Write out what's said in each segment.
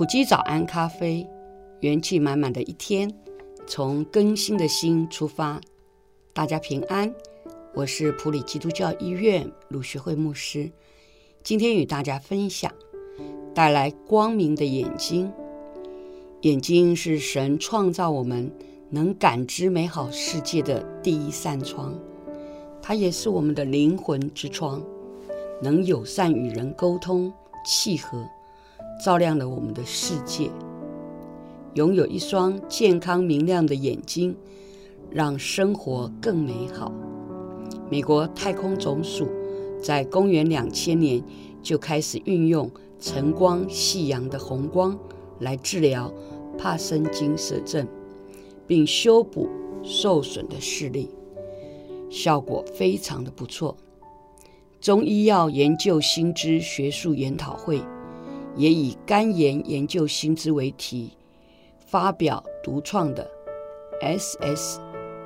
埔基早安咖啡，元氣滿滿的一天，從更新的心出發，大家平安。我是埔里基督教醫院魯學蕙牧師，今天與大家分享，帶來光明的眼睛。眼睛是神創造我們能感知美好世界的第一扇窗，它也是我們的靈魂之窗，能友善與人溝通，契合。照亮了我們的世界，擁有一雙健康明亮的眼睛，讓生活更美好。美國太空總署在公元兩千年就開始運用晨光、夕陽的紅光來治療帕金森氏症，並修補受損的視力，效果非常的不錯。中醫藥研究新知學術研討會。也以肝炎研究新知為題，發表獨創的 S S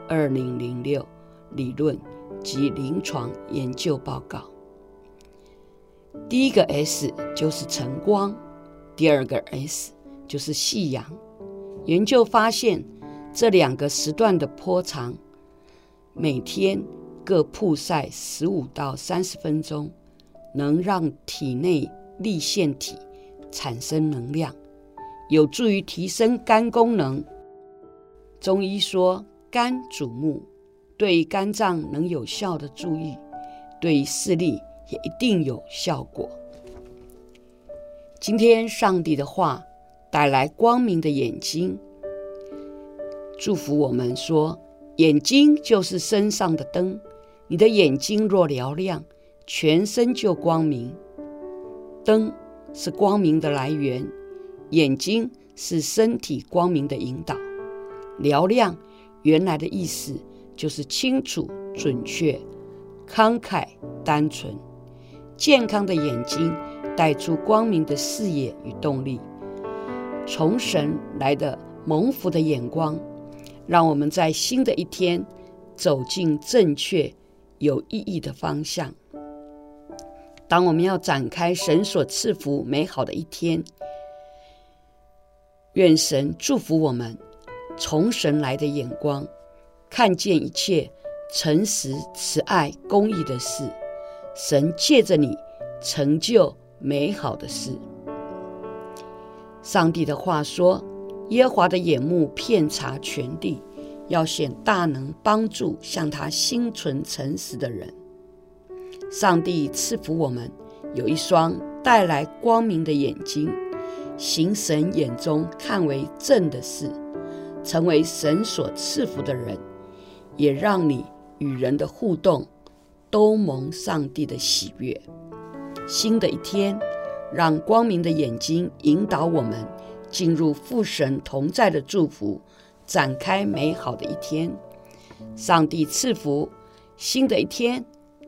二零零六理論及臨床研究報告。第一個 S 就是晨光，第二個 S 就是夕陽。研究發現，這兩個時段的波長，每天各曝曬十五到三十分鐘，能讓體內粒線體。產生能量，有助於提升肝功能。中醫說，肝主目，對肝臟能有效的助益，對視力也一定有效果。今天上帝的話，帶來光明的眼睛，祝福我們說，眼睛就是身上的燈，你的眼睛若瞭亮、亮，全身就光明。燈。是光明的來源，眼睛是身體光明的引導。瞭亮原來的意思就是清楚、準確、慷慨、單純。健康的眼睛帶出光明的視野與動力，從神來的蒙福的眼光，讓我們在新的一天走進正確、有意義的方向。當我們要展開神所賜福美好的一天，願神祝福我們，從神來的眼光看見一切誠實、慈愛、公義的事。神借着你成就美好的事。上帝的話說：“耶和華的眼目遍察全地，要顯大能，幫助向他心存誠實的人。”上帝賜福我們，有一雙帶來光明的眼睛，行神眼中看為正的事，成為神所賜福的人，也讓你與人的互動都蒙上帝的喜悅。新的一天，讓光明的眼睛引導我們進入父神同在的祝福，展開美好的一天。上帝賜福，新的一天。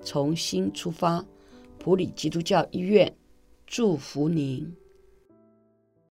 重新出發，埔里基督教醫院，祝福您。